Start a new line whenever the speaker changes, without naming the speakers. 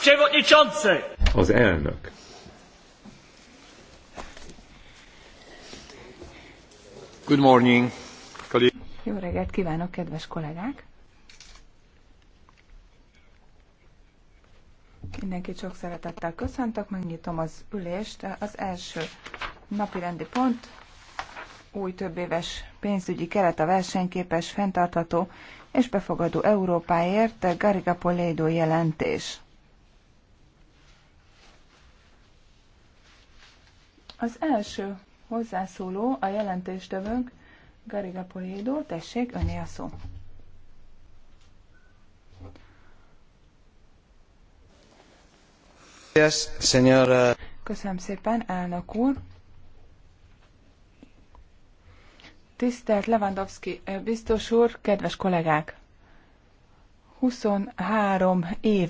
Przewodniczący! Az elnök. Good morning.
Jó reggelt kívánok, kedves kollégák! Mindenkit sok szeretettel köszöntök, megnyitom az ülést. Az első napi rendi pont, új többéves pénzügyi keret a versenyképes, fenntartható és befogadó Európáért Gariga Poledo jelentés.
Az első hozzászóló a jelentéstevőnk Gariga Poédó, tessék, öné a szó. Köszönöm
szépen, elnök úr. Tisztelt Lewandowski eh, biztos úr, kedves kollégák! 23 év